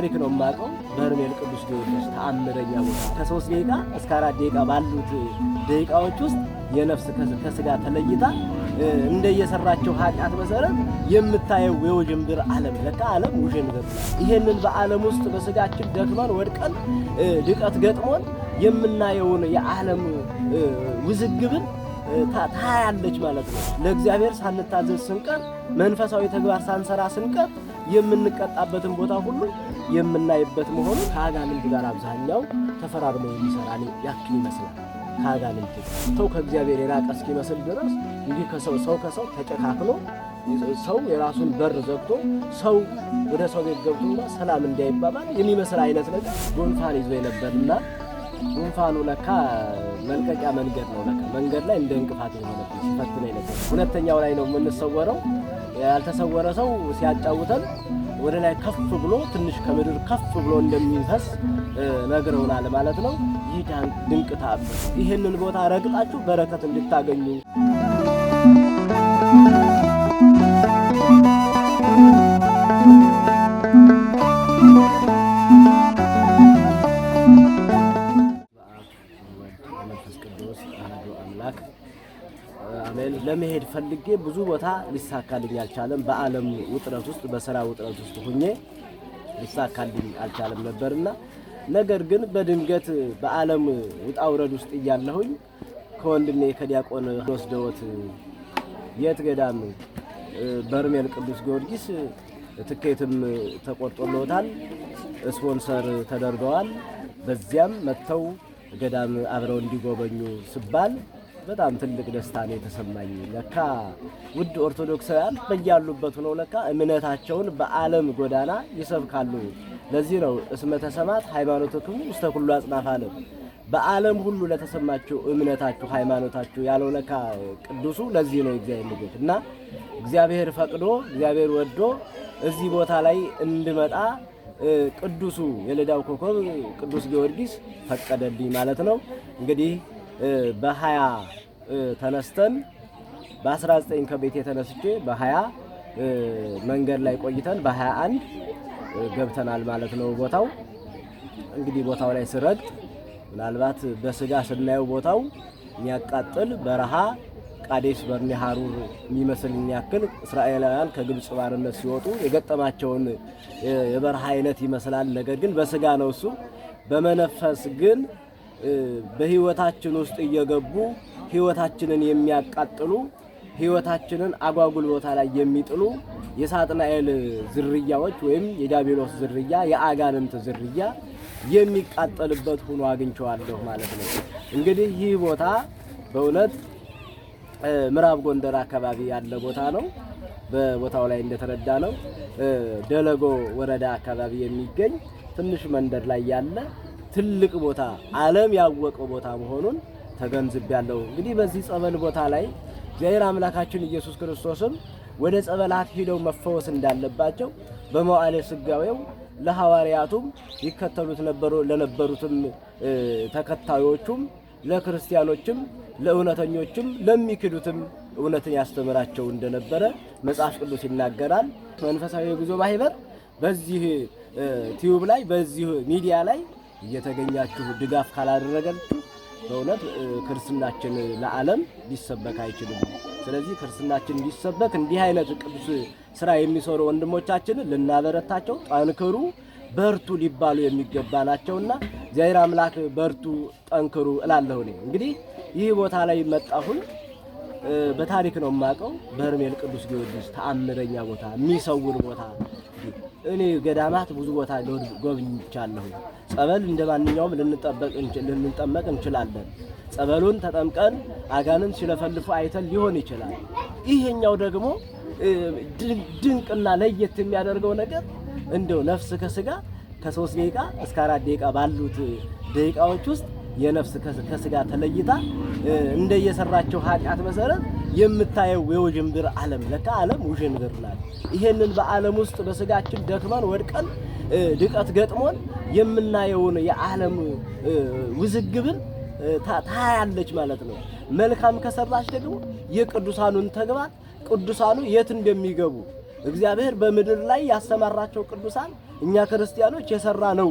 ታሪክ ነው የማውቀው። በርሜል ቅዱስ ጊዮርጊስ ተአምረኛ ቦታ ከሶስት ደቂቃ እስከ አራት ደቂቃ ባሉት ደቂቃዎች ውስጥ የነፍስ ከስጋ ተለይታ እንደየሰራቸው ኃጢአት መሰረት የምታየው የውዥንብር ዓለም ለካ ዓለም ውዥንብር። ይህንን በዓለም ውስጥ በስጋችን ደክመን ወድቀን ድቀት ገጥሞን የምናየውን የዓለም ውዝግብን ታያለች ማለት ነው። ለእግዚአብሔር ሳንታዘዝ ስንቀር፣ መንፈሳዊ ተግባር ሳንሰራ ስንቀር የምንቀጣበትን ቦታ ሁሉ የምናይበት መሆኑ ከአጋንንት ጋር አብዛኛው ተፈራርሞ የሚሰራ ያክል ይመስላል። ከአጋንንት ሰው ከእግዚአብሔር የራቀ እስኪመስል ድረስ እንዲህ ከሰው ሰው ከሰው ተጨካክሎ ሰው የራሱን በር ዘግቶ ሰው ወደ ሰው ቤት ገብቶና ሰላም እንዳይባባል የሚመስል አይነት ነገር ጉንፋን ይዞ የነበርና ጉንፋኑ ለካ መልቀቂያ መንገድ ነው። ለካ መንገድ ላይ እንደ እንቅፋት የሆነብን ሲፈትነ አይነት ሁለተኛው ላይ ነው የምንሰወረው። ያልተሰወረ ሰው ሲያጫውተን ወደ ላይ ከፍ ብሎ ትንሽ ከምድር ከፍ ብሎ እንደሚፈስ ነግረውናል ማለት ነው። ይህ ድንቅ ታምር ይህንን ቦታ ረግጣችሁ በረከት እንድታገኙ ለመሄድ ፈልጌ ብዙ ቦታ ሊሳካልኝ አልቻለም። በዓለም ውጥረት ውስጥ በስራ ውጥረት ውስጥ ሁኜ ሊሳካልኝ አልቻለም ነበርና ነገር ግን በድንገት በዓለም ውጣውረድ ውስጥ እያለሁኝ ከወንድሜ ከዲያቆን ወስደወት የት ገዳም በርሜል ቅዱስ ጊዮርጊስ ትኬትም ተቆርጦለታል፣ ስፖንሰር ተደርገዋል። በዚያም መጥተው ገዳም አብረው እንዲጎበኙ ስባል በጣም ትልቅ ደስታ ነው የተሰማኝ። ለካ ውድ ኦርቶዶክሳውያን በያሉበት ሆነው ለካ እምነታቸውን በዓለም ጎዳና ይሰብካሉ። ለዚህ ነው እስመ ተሰማት ሃይማኖትክሙ ውስተ ሁሉ አጽናፈ ዓለም፣ በዓለም ሁሉ ለተሰማችሁ እምነታችሁ ሃይማኖታችሁ ያለው ለካ ቅዱሱ። ለዚህ ነው እግዚአብሔር ልጆች እና እግዚአብሔር ፈቅዶ እግዚአብሔር ወዶ እዚህ ቦታ ላይ እንድመጣ ቅዱሱ የልዳው ኮከብ ቅዱስ ጊዮርጊስ ፈቀደልኝ ማለት ነው እንግዲህ በሀያ ተነስተን በ19 ከቤት የተነስቼ በሀያ መንገድ ላይ ቆይተን በሀያ አንድ ገብተናል ማለት ነው። ቦታው እንግዲህ ቦታው ላይ ስረግጥ ምናልባት በስጋ ስናየው ቦታው የሚያቃጥል በረሃ ቃዴስ በርኔ ሐሩር የሚመስል የሚያክል እስራኤላውያን ከግብፅ ባርነት ሲወጡ የገጠማቸውን የበረሃ አይነት ይመስላል። ነገር ግን በስጋ ነው እሱ። በመነፈስ ግን በህይወታችን ውስጥ እየገቡ ህይወታችንን የሚያቃጥሉ ህይወታችንን አጓጉል ቦታ ላይ የሚጥሉ የሳጥናኤል ዝርያዎች ወይም የዲያብሎስ ዝርያ የአጋንንት ዝርያ የሚቃጠልበት ሆኖ አግኝቸዋለሁ ማለት ነው። እንግዲህ ይህ ቦታ በእውነት ምዕራብ ጎንደር አካባቢ ያለ ቦታ ነው። በቦታው ላይ እንደተረዳ ነው ደለጎ ወረዳ አካባቢ የሚገኝ ትንሽ መንደር ላይ ያለ ትልቅ ቦታ ዓለም ያወቀው ቦታ መሆኑን ያለው እንግዲህ በዚህ ጸበል ቦታ ላይ እግዚአብሔር አምላካችን ኢየሱስ ክርስቶስም ወደ ጸበላት ሂደው መፈወስ እንዳለባቸው በመዋዕለ ሥጋዌው ለሐዋርያቱም ይከተሉት ነበሩ ለነበሩትም ተከታዮቹም ለክርስቲያኖችም ለእውነተኞችም ለሚክዱትም እውነትን ያስተምራቸው እንደነበረ መጽሐፍ ቅዱስ ይናገራል። መንፈሳዊ ጉዞ ማህበር በዚህ ቲዩብ ላይ በዚህ ሚዲያ ላይ እየተገኛችሁ ድጋፍ ካላደረጋችሁ በእውነት ክርስትናችን ለዓለም ሊሰበክ አይችልም። ስለዚህ ክርስትናችን እንዲሰበክ እንዲህ አይነት ቅዱስ ስራ የሚሰሩ ወንድሞቻችንን ልናበረታቸው፣ ጠንክሩ፣ በርቱ ሊባሉ የሚገባ ናቸውና እግዚአብሔር አምላክ በርቱ፣ ጠንክሩ እላለሁ። እኔ እንግዲህ ይህ ቦታ ላይ መጣሁን በታሪክ ነው የማውቀው። በርሜል ቅዱስ ጊዮርጊስ ተአምረኛ ቦታ፣ የሚሰውር ቦታ። እኔ ገዳማት ብዙ ቦታ ጎብኝቻለሁ። ጸበል እንደ ማንኛውም ልንጠመቅ እንችላለን። ጸበሉን ተጠምቀን አጋንን ሲለፈልፉ አይተን ሊሆን ይችላል። ይሄኛው ደግሞ ድንቅና ለየት የሚያደርገው ነገር እንደው ነፍስ ከስጋ ከሶስት ደቂቃ እስከ አራት ደቂቃ ባሉት ደቂቃዎች ውስጥ የነፍስ ከስጋ ተለይታ እንደየሰራቸው ኃጢአት መሰረት የምታየው የውዥንብር ዓለም ለካ ዓለም ውዥንብር ናት። ይሄንን በዓለም ውስጥ በስጋችን ደክመን ወድቀን ድቀት ገጥሞን የምናየውን የዓለም ውዝግብን ታያለች ማለት ነው። መልካም ከሰራች ደግሞ የቅዱሳኑን ተግባር ቅዱሳኑ የት እንደሚገቡ እግዚአብሔር በምድር ላይ ያሰማራቸው ቅዱሳን እኛ ክርስቲያኖች የሰራ ነው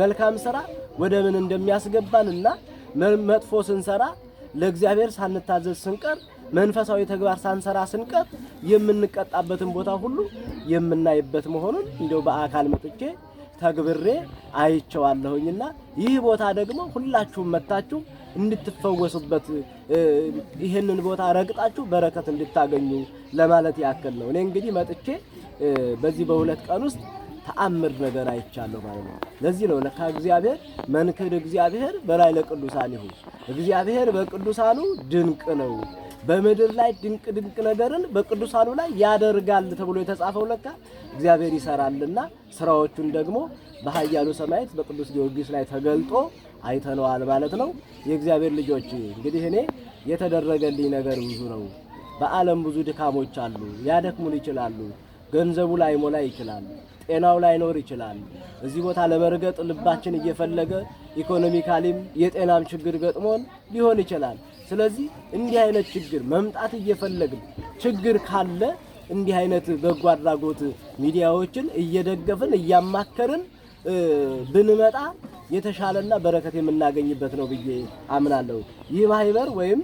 መልካም ስራ ወደ ምን እንደሚያስገባንና መጥፎ ስንሰራ ለእግዚአብሔር ሳንታዘዝ ስንቀር መንፈሳዊ ተግባር ሳንሰራ ስንቀር የምንቀጣበትን ቦታ ሁሉ የምናይበት መሆኑን እንደው በአካል መጥቼ ተግብሬ አይቸዋለሁኝና ይህ ቦታ ደግሞ ሁላችሁም መታችሁ እንድትፈወሱበት ይህንን ቦታ ረግጣችሁ በረከት እንድታገኙ ለማለት ያክል ነው። እኔ እንግዲህ መጥቼ በዚህ በሁለት ቀን ውስጥ ተአምር ነገር አይቻለሁ ማለት ነው። ለዚህ ነው ለካ እግዚአብሔር መንክር እግዚአብሔር በላይ ለቅዱሳን ይሁን እግዚአብሔር በቅዱሳኑ ድንቅ ነው። በምድር ላይ ድንቅ ድንቅ ነገርን በቅዱሳኑ ላይ ያደርጋል ተብሎ የተጻፈው ለካ እግዚአብሔር ይሰራልና ስራዎቹን ደግሞ በኃያሉ ሰማይት በቅዱስ ጊዮርጊስ ላይ ተገልጦ አይተነዋል ማለት ነው። የእግዚአብሔር ልጆች እንግዲህ እኔ የተደረገልኝ ነገር ብዙ ነው። በዓለም ብዙ ድካሞች አሉ። ያደክሙን ይችላሉ። ገንዘቡ ላይሞላ ይችላል። ጤናው ላይኖር ይችላል። እዚህ ቦታ ለመርገጥ ልባችን እየፈለገ ኢኮኖሚካሊም የጤናም ችግር ገጥሞን ሊሆን ይችላል። ስለዚህ እንዲህ አይነት ችግር መምጣት እየፈለግን ችግር ካለ እንዲህ አይነት በጎ አድራጎት ሚዲያዎችን እየደገፍን እያማከርን ብንመጣ የተሻለና በረከት የምናገኝበት ነው ብዬ አምናለሁ። ይህ ማህበር ወይም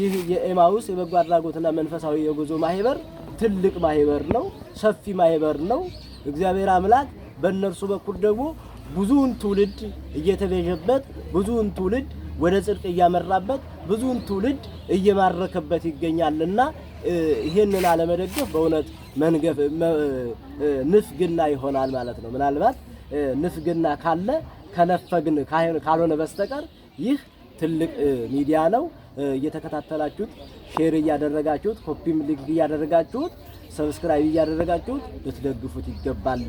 ይህ የኤማውስ የበጎ አድራጎትና መንፈሳዊ የጉዞ ማህበር ትልቅ ማህበር ነው፣ ሰፊ ማህበር ነው። እግዚአብሔር አምላክ በእነርሱ በኩል ደግሞ ብዙውን ትውልድ እየተቤዠበት ብዙውን ትውልድ ወደ ጽድቅ እያመራበት ብዙውን ትውልድ እየማረከበት ይገኛልና ይህንን አለመደገፍ በእውነት መንገፍ ንፍግና ይሆናል ማለት ነው። ምናልባት ንፍግና ካለ ከነፈግን ካልሆነ በስተቀር ይህ ትልቅ ሚዲያ ነው እየተከታተላችሁት ሼር እያደረጋችሁት ኮፒም ሊንክ እያደረጋችሁት ሰብስክራይብ እያደረጋችሁት ልትደግፉት ይገባል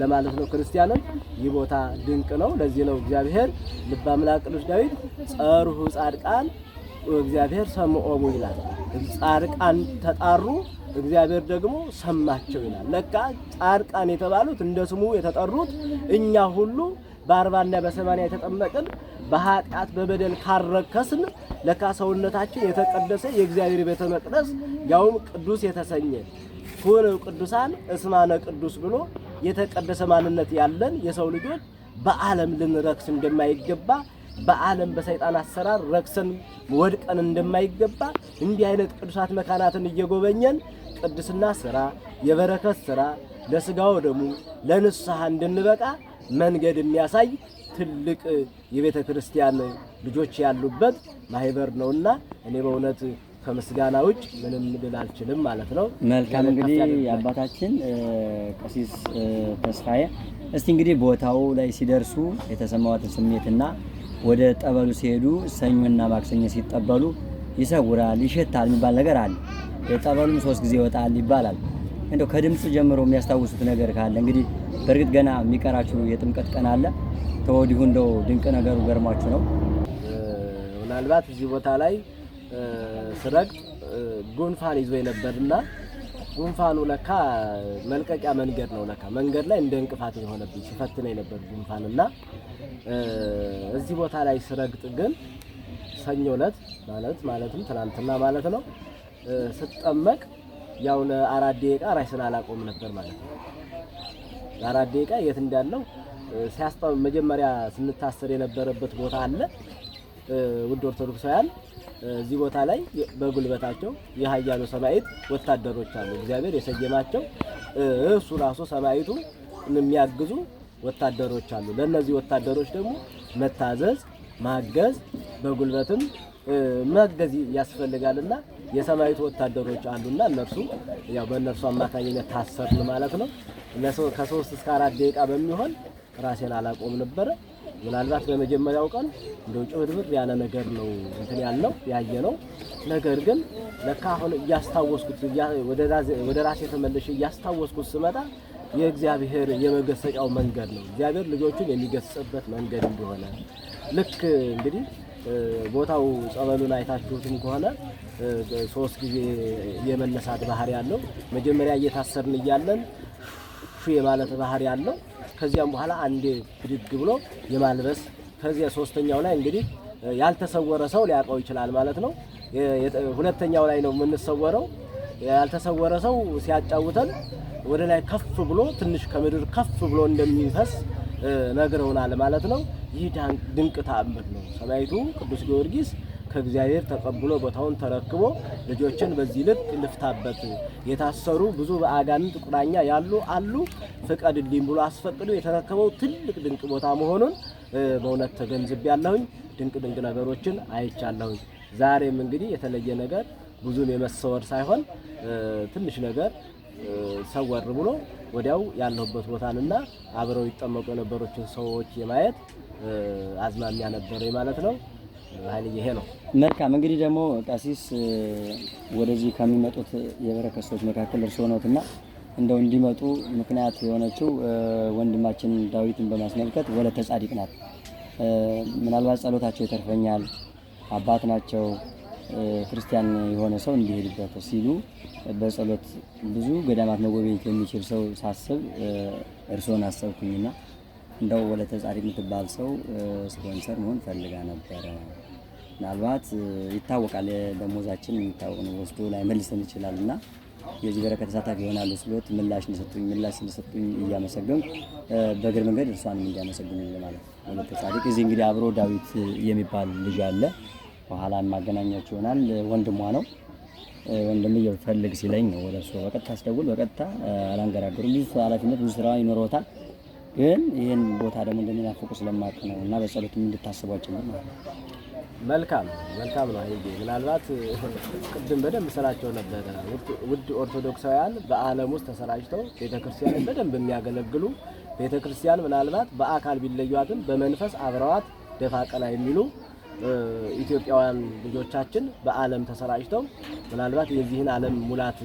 ለማለት ነው። ክርስቲያኖች ይህ ቦታ ድንቅ ነው። ለዚህ ነው እግዚአብሔር ልበ አምላክ ቅዱስ ዳዊት ጸርሁ ጻድቃን እግዚአብሔር ሰምዖሙ ይላል። ጻድቃን ተጣሩ እግዚአብሔር ደግሞ ሰማቸው ይላል። ለካ ጻድቃን የተባሉት እንደ ስሙ የተጠሩት እኛ ሁሉ በአርባና በሰማንያ የተጠመቅን በኃጢአት በበደል ካረከስን ለካ ሰውነታችን የተቀደሰ የእግዚአብሔር ቤተ መቅደስ ያውም ቅዱስ የተሰኘ ሁነው ቅዱሳን እስማነ ቅዱስ ብሎ የተቀደሰ ማንነት ያለን የሰው ልጆች በዓለም ልንረክስ እንደማይገባ በዓለም በሰይጣን አሰራር ረክሰን ወድቀን እንደማይገባ እንዲህ አይነት ቅዱሳት መካናትን እየጎበኘን ቅድስና ስራ፣ የበረከት ስራ ለስጋው ደሙ ለንስሐ እንድንበቃ መንገድ የሚያሳይ ትልቅ የቤተ ክርስቲያን ልጆች ያሉበት ማህበር ነውና እኔ በእውነት ከምስጋና ውጭ ምንም ልል አልችልም ማለት ነው። መልካም እንግዲህ አባታችን ቀሲስ ተስፋዬ እስቲ እንግዲህ ቦታው ላይ ሲደርሱ የተሰማዋትን ስሜትና ወደ ጠበሉ ሲሄዱ ሰኞና ማክሰኞ ሲጠበሉ ይሰውራል፣ ይሸታል የሚባል ነገር አለ። ጠበሉም ሶስት ጊዜ ይወጣል ይባላል። እንደው ከድምፅ ጀምሮ የሚያስታውሱት ነገር ካለ እንግዲህ በእርግጥ ገና የሚቀራችሁ የጥምቀት ቀን አለ። ተወዲሁ እንደው ድንቅ ነገሩ ገርማችሁ ነው። ምናልባት እዚህ ቦታ ላይ ስረግጥ ጉንፋን ይዞ የነበርና ጉንፋኑ ለካ መልቀቂያ መንገድ ነው። ለካ መንገድ ላይ እንደ እንቅፋት የሆነብኝ ሲፈትነ የነበር ጉንፋን እና እዚህ ቦታ ላይ ስረግጥ ግን ሰኞ ዕለት ማለት ማለትም ትናንትና ማለት ነው ስጠመቅ ያው ለአራት ደቂቃ ራሴን አላቆም ነበር ማለት ነው። ለአራት ደቂቃ የት እንዳለው ሲያስጠው መጀመሪያ ስንታሰር የነበረበት ቦታ አለ። ውድ ኦርቶዶክሳውያን እዚህ ቦታ ላይ በጉልበታቸው የሀያሉ ሰማዕት ወታደሮች አሉ። እግዚአብሔር የሰየማቸው እሱ ራሱ ሰማዕቱ የሚያግዙ ወታደሮች አሉ። ለእነዚህ ወታደሮች ደግሞ መታዘዝ፣ ማገዝ በጉልበትም መገዝ ያስፈልጋልና የሰማዕቱ ወታደሮች አሉና እነርሱ ያው በእነርሱ አማካኝነት ታሰርን ማለት ነው። ከሶስት እስከ አራት ደቂቃ በሚሆን ራሴን አላቆም ነበረ። ምናልባት በመጀመሪያው ቀን እንደው ጭብርብር ያለ ነገር ነው እንትን ያለው ያየ ነው። ነገር ግን ለካ አሁን እያስታወስኩት ወደ ራሴ ተመለሽ እያስታወስኩት ስመጣ የእግዚአብሔር የመገሰጫው መንገድ ነው። እግዚአብሔር ልጆቹን የሚገስጽበት መንገድ እንደሆነ ልክ እንግዲህ ቦታው ጸበሉን አይታችሁትም ከሆነ ሶስት ጊዜ የመነሳት ባህሪ ያለው መጀመሪያ እየታሰርን እያለን የማለት ባህሪ ያለው ከዚያም በኋላ አንዴ ብድግ ብሎ የማልበስ ከዚያ ሶስተኛው ላይ እንግዲህ ያልተሰወረ ሰው ሊያውቀው ይችላል ማለት ነው። ሁለተኛው ላይ ነው የምንሰወረው። ያልተሰወረ ሰው ሲያጫውተን ወደ ላይ ከፍ ብሎ ትንሽ ከምድር ከፍ ብሎ እንደሚፈስ ነግረውናል ማለት ነው። ይህ ድንቅ ተአምር ነው። ሰማይቱ ቅዱስ ጊዮርጊስ ከእግዚአብሔር ተቀብሎ ቦታውን ተረክቦ ልጆችን በዚህ ልክ ልፍታበት። የታሰሩ ብዙ በአጋንንት ቁራኛ ያሉ አሉ። ፍቀድልኝ ብሎ አስፈቅዶ የተረከበው ትልቅ ድንቅ ቦታ መሆኑን በእውነት ተገንዝብ ያለሁኝ ድንቅ ድንቅ ነገሮችን አይቻለሁኝ። ዛሬም እንግዲህ የተለየ ነገር ብዙም የመሰወር ሳይሆን ትንሽ ነገር ሰወር ብሎ ወዲያው ያለሁበት ቦታንና አብረው ይጠመቁ የነበሮችን ሰዎች የማየት አዝማሚያ ነበረ ማለት ነው። ባህል ይሄ ነው። መልካም እንግዲህ ደግሞ ቀሲስ ወደዚህ ከሚመጡት የበረከት ሰዎች መካከል እርስዎ ነዎትና እንደው እንዲመጡ ምክንያት የሆነችው ወንድማችን ዳዊትን በማስመልከት ወለተ ጻድቅ ናት። ምናልባት ጸሎታቸው ይተርፈኛል፣ አባት ናቸው፣ ክርስቲያን የሆነ ሰው እንዲሄድበት ሲሉ በጸሎት ብዙ ገዳማት መጎብኘት የሚችል ሰው ሳስብ እርስዎን አሰብኩኝና እንደው ወለ ተጻሪ የምትባል ሰው ስፖንሰር መሆን ፈልጋ ነበረ። ምናልባት ይታወቃል፣ ደሞዛችን የሚታወቅ ነው፣ ወስዶ ላይ መልሰን ይችላል እና የዚህ በረከት ተሳታፊ ይሆናሉ ስሎት ምላሽ እንደሰጡኝ ምላሽ እንደሰጡኝ እያመሰገንኩ በእግር መንገድ እርሷን እንዲያመሰግኑ ለማለት ወለተ ጻድቅ። እዚህ እንግዲህ አብሮ ዳዊት የሚባል ልጅ አለ፣ በኋላ ማገናኛቸው ይሆናል። ወንድሟ ነው። ወንድምዬ ፈልግ ሲለኝ ወደ እሱ በቀጥታ ስደውል በቀጥታ አላንገራገሩ ልጅ ኃላፊነት ብዙ ስራ ይኖረውታል ግን ይህን ቦታ ደግሞ እንደሚናፍቁ ስለማቅ ነው እና በጸሎት እንድታስቧቸው ነው ማለት ነው። መልካም መልካም ነው። አይ ምናልባት ቅድም በደንብ ስራቸው ነበረ። ውድ ኦርቶዶክሳውያን በዓለም ውስጥ ተሰራጭተው ቤተክርስቲያን በደንብ የሚያገለግሉ ቤተክርስቲያን ምናልባት በአካል ቢለዩትም በመንፈስ አብረዋት ደፋ ቀና የሚሉ ኢትዮጵያውያን ልጆቻችን በዓለም ተሰራጭተው ምናልባት የዚህን ዓለም ሙላት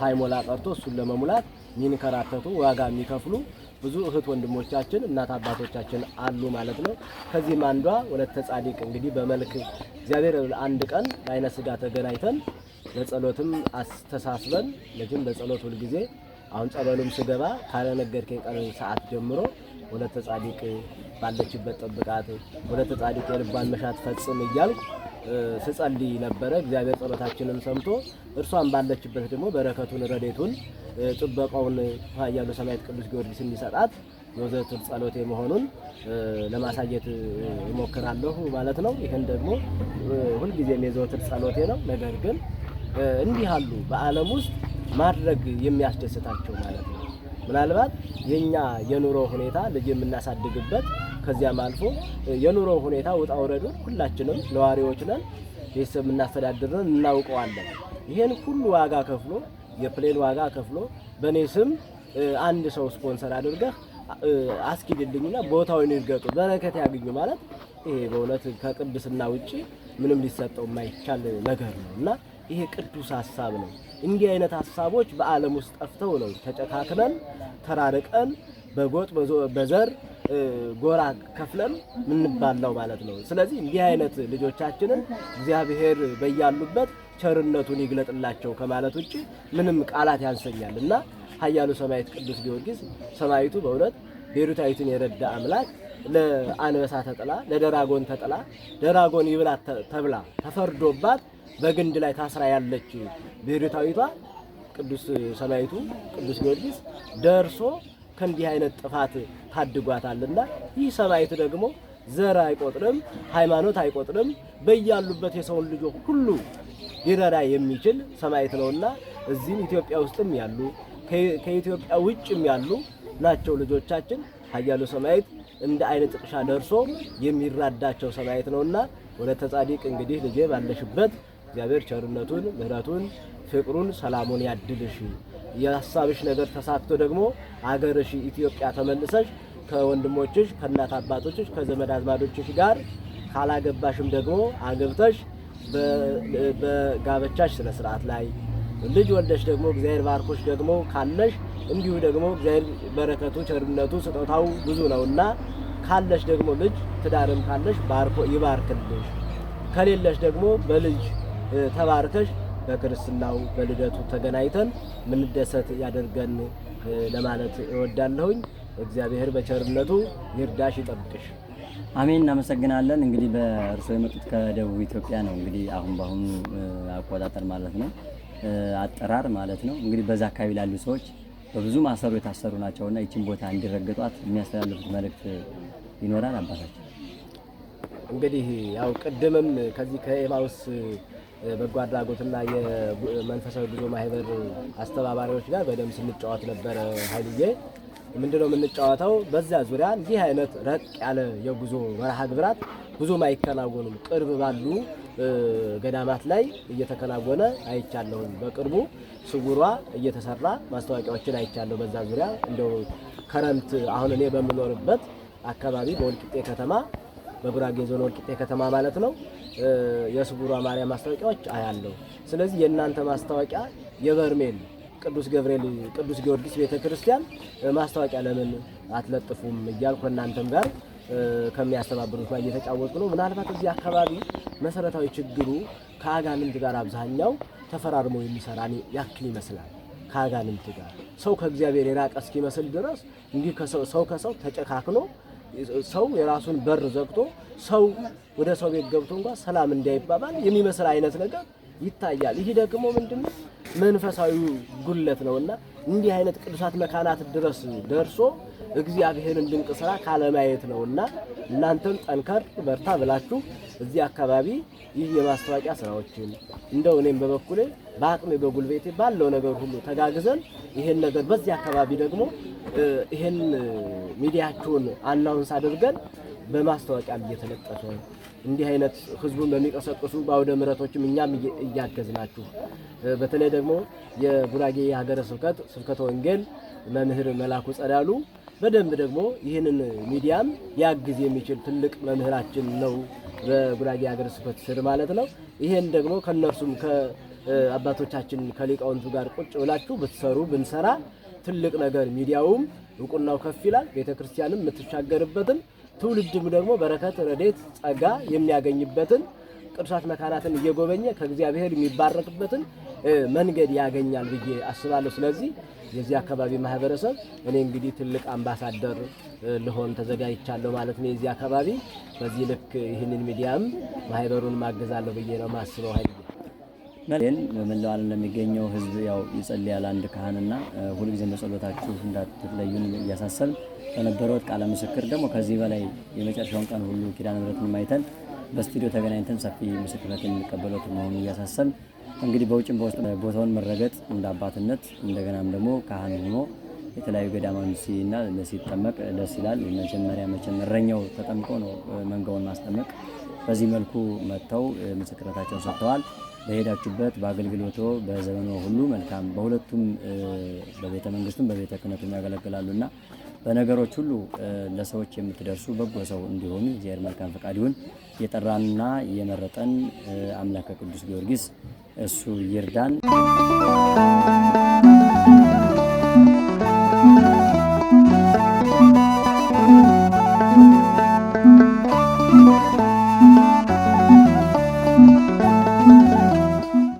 ሳይሞላ ቀርቶ እሱን ለመሙላት ሚንከራተቱ ዋጋ የሚከፍሉ ብዙ እህት ወንድሞቻችን እናት አባቶቻችን አሉ ማለት ነው። ከዚህም አንዷ ወለተ ጻዲቅ እንግዲህ በመልክ እግዚአብሔር አንድ ቀን በአይነ ስጋ ተገናኝተን ለጸሎትም አስተሳስበን ለዚህም በጸሎት ሁልጊዜ አሁን ጸበሉም ስገባ ካለነገርከኝ ቀን ሰዓት ጀምሮ ወለተ ጻዲቅ ባለችበት ጠብቃት፣ ወለተ ጻዲቅ የልቧን መሻት ፈጽም እያልኩ ስጸልይ ነበረ። እግዚአብሔር ጸሎታችንን ሰምቶ እርሷን ባለችበት ደግሞ በረከቱን፣ ረዴቱን፣ ጥበቃውን ያሉ ሰማዕት ቅዱስ ጊዮርጊስ እንዲሰጣት የዘወትር ጸሎቴ መሆኑን ለማሳየት እሞክራለሁ ማለት ነው። ይህን ደግሞ ሁልጊዜም የዘወትር ጸሎቴ ነው። ነገር ግን እንዲህ አሉ በዓለም ውስጥ ማድረግ የሚያስደስታቸው ማለት ነው ምናልባት የኛ የኑሮ ሁኔታ ልጅ የምናሳድግበት ከዚያም አልፎ የኑሮ ሁኔታ ውጣ ውረዱን ሁላችንም ነዋሪዎች ነን፣ ቤተሰብ የምናስተዳድርን እናውቀዋለን። ይህን ሁሉ ዋጋ ከፍሎ የፕሌን ዋጋ ከፍሎ በእኔ ስም አንድ ሰው ስፖንሰር አድርገህ አስኪድልኝና ቦታውን ይርገጡ በረከት ያግኙ ማለት ይሄ በእውነት ከቅድስና ውጭ ምንም ሊሰጠው የማይቻል ነገር ነው እና ይሄ ቅዱስ ሀሳብ ነው። እንዲህ አይነት ሀሳቦች በዓለም ውስጥ ጠፍተው ነው ተጨካክነን ተራርቀን በጎጥ በዘር ጎራ ከፍለን የምንባላው ማለት ነው። ስለዚህ እንዲህ አይነት ልጆቻችንን እግዚአብሔር በያሉበት ቸርነቱን ይግለጥላቸው ከማለት ውጭ ምንም ቃላት ያንሰኛል እና ኃያሉ ሰማዕት ቅዱስ ጊዮርጊስ ሰማዕቱ በእውነት ቤሩታዊትን የረዳ አምላክ ለአንበሳ ተጥላ ለደራጎን ተጥላ ደራጎን ይብላት ተብላ ተፈርዶባት በግንድ ላይ ታስራ ያለች ቤሩታዊቷ ቅዱስ ሰማዕቱ ቅዱስ ጊዮርጊስ ደርሶ ከእንዲህ አይነት ጥፋት ታድጓታልና ይህ ሰማይት ደግሞ ዘር አይቆጥርም፣ ሃይማኖት አይቆጥርም፣ በያሉበት የሰውን ልጆ ሁሉ ሊረዳ የሚችል ሰማይት ነውና እዚህም ኢትዮጵያ ውስጥም ያሉ ከኢትዮጵያ ውጭም ያሉ ናቸው ልጆቻችን። ኃያሉ ሰማዕት እንደ አይነ ጥቅሻ ደርሶ የሚራዳቸው ሰማዕት ነውና ወደ ተጻዲቅ እንግዲህ ልጄ ባለሽበት እግዚአብሔር ቸርነቱን ምሕረቱን ፍቅሩን ሰላሙን ያድልሽ የሀሳብሽ ነገር ተሳክቶ ደግሞ አገርሽ ኢትዮጵያ ተመልሰሽ ከወንድሞችሽ ከእናት አባቶችሽ ከዘመድ አዝማዶችሽ ጋር ካላገባሽም ደግሞ አገብተሽ በጋብቻሽ ስነ ስርዓት ላይ ልጅ ወልደሽ ደግሞ እግዚአብሔር ባርኮች ደግሞ ካለሽ እንዲሁ ደግሞ እግዚአብሔር በረከቱ ቸርነቱ ስጦታው ብዙ ነውና ካለሽ ደግሞ ልጅ ትዳርም ካለሽ ባርኮ ይባርክልሽ፣ ከሌለሽ ደግሞ በልጅ ተባርከሽ በክርስትናው በልደቱ ተገናኝተን ምንደሰት ያደርገን ለማለት እወዳለሁኝ። እግዚአብሔር በቸርነቱ ይርዳሽ ይጠብቅሽ። አሜን። እናመሰግናለን። እንግዲህ በእርሶ የመጡት ከደቡብ ኢትዮጵያ ነው። እንግዲህ አሁን በአሁኑ አቆጣጠር ማለት ነው አጠራር ማለት ነው። እንግዲህ በዛ አካባቢ ላሉ ሰዎች በብዙ ማሰሩ የታሰሩ እና ይችን ቦታ እንዲረግጧት የሚያስተላልፉት መልእክት ይኖራል አባታቸው። እንግዲህ ያው ቅድምም ከዚህ ከኤማውስ በጎ አድራጎትና የመንፈሳዊ ጉዞ ማህበር አስተባባሪዎች ጋር በደንብ ስንጫወት ነበረ። ሀይልዬ ምንድነው የምንጫወተው? በዚያ ዙሪያ እንዲህ አይነት ረቅ ያለ የጉዞ መርሃ ግብራት ብዙም አይከናወኑም። ቅርብ ባሉ ገዳማት ላይ እየተከናወነ አይቻለሁም። በቅርቡ ስውሯ እየተሰራ ማስታወቂያዎችን አይቻለሁ። በዛ ዙሪያ እንደው ከረምት አሁን እኔ በምኖርበት አካባቢ በወልቂጤ ከተማ በጉራጌ ዞን ወልቂጤ ከተማ ማለት ነው የስጉሯ ማርያም ማስታወቂያዎች አያለሁ። ስለዚህ የእናንተ ማስታወቂያ የበርሜል ቅዱስ ገብርኤል ቅዱስ ጊዮርጊስ ቤተ ክርስቲያን ማስታወቂያ ለምን አትለጥፉም እያልኩ እናንተም ጋር ከሚያስተባብሩት ጋር እየተጫወቱ ነው። ምናልባት እዚህ አካባቢ መሰረታዊ ችግሩ ከአጋንንት ጋር አብዛኛው ተፈራርሞ የሚሰራ ያክል ይመስላል። ከአጋንንት ጋር ሰው ከእግዚአብሔር የራቀ እስኪመስል ድረስ እንዲህ ሰው ከሰው ተጨካክኖ ሰው የራሱን በር ዘግቶ ሰው ወደ ሰው ቤት ገብቶ እንኳን ሰላም እንዳይባባል የሚመስል አይነት ነገር ይታያል። ይህ ደግሞ ምንድነው መንፈሳዊ ጉልለት ነውና እንዲህ አይነት ቅዱሳት መካናት ድረስ ደርሶ እግዚአብሔርን ድንቅ ስራ ካለማየት ነውና እናንተም ጠንከር በርታ ብላችሁ እዚህ አካባቢ ይህ የማስታወቂያ ስራዎችን እንደው እኔም በበኩሌ በአቅሜ በጉልቤቴ ባለው ነገር ሁሉ ተጋግዘን ይሄን ነገር በዚህ አካባቢ ደግሞ ይሄን ሚዲያችሁን አናውንስ አድርገን በማስታወቂያ እየተለጠፈ እንዲህ አይነት ህዝቡን በሚቀሰቅሱ በአውደ ምረቶችም እኛም እያገዝናችሁ በተለይ ደግሞ የጉራጌ የሀገረ ስብከት ስብከተ ወንጌል መምህር መላኩ ጸዳሉ በደንብ ደግሞ ይህንን ሚዲያም ሊያግዝ የሚችል ትልቅ መምህራችን ነው፣ በጉራጌ ሀገረ ስብከት ስር ማለት ነው። ይህን ደግሞ ከነርሱም ከአባቶቻችን ከሊቃውንቱ ጋር ቁጭ ብላችሁ ብትሰሩ ብንሰራ ትልቅ ነገር ሚዲያውም እውቅናው ከፍ ይላል፣ ቤተ ክርስቲያንም የምትሻገርበትን ትውልድም ደግሞ በረከት፣ ረዴት፣ ጸጋ የሚያገኝበትን ቅዱሳት መካናትን እየጎበኘ ከእግዚአብሔር የሚባረክበትን መንገድ ያገኛል ብዬ አስባለሁ። ስለዚህ የዚህ አካባቢ ማህበረሰብ እኔ እንግዲህ ትልቅ አምባሳደር ልሆን ተዘጋጅቻለሁ ማለት ነው። የዚህ አካባቢ በዚህ ልክ ይህንን ሚዲያም ማህበሩን ማገዛለሁ ብዬ ነው ማስበው። ሀይል ግን በመላው ዓለም ለሚገኘው ህዝብ ያው ይጸልያል አንድ ካህንና ሁልጊዜም እንደጸሎታችሁ እንዳትለዩን እያሳሰብ በነበረው ቃለ ምስክር ደግሞ ከዚህ በላይ የመጨረሻውን ቀን ሁሉ ኪዳነ ምሕረትን ማይተን በስቱዲዮ ተገናኝተን ሰፊ ምስክርነት የሚቀበሉት መሆኑ እያሳሰብ እንግዲህ በውጭም በውስጥ ቦታውን መረገጥ እንደ አባትነት እንደገናም ደግሞ ካህን ሆኖ የተለያዩ ገዳማን ሲና ሲጠመቅ ደስ ይላል። መጀመሪያ መቼም እረኛው ተጠምቆ ነው መንጋውን ማስጠመቅ። በዚህ መልኩ መጥተው ምስክርነታቸውን ሰጥተዋል። በሄዳችሁበት በአገልግሎቶ በዘመኖ ሁሉ መልካም፣ በሁለቱም በቤተ መንግስቱም በቤተ ክህነቱም ያገለግላሉና በነገሮች ሁሉ ለሰዎች የምትደርሱ በጎ ሰው እንዲሆኑ እግዚአብሔር መልካም ፈቃድ ይሁን። የጠራንና የመረጠን አምላከ ቅዱስ ጊዮርጊስ እሱ ይርዳን።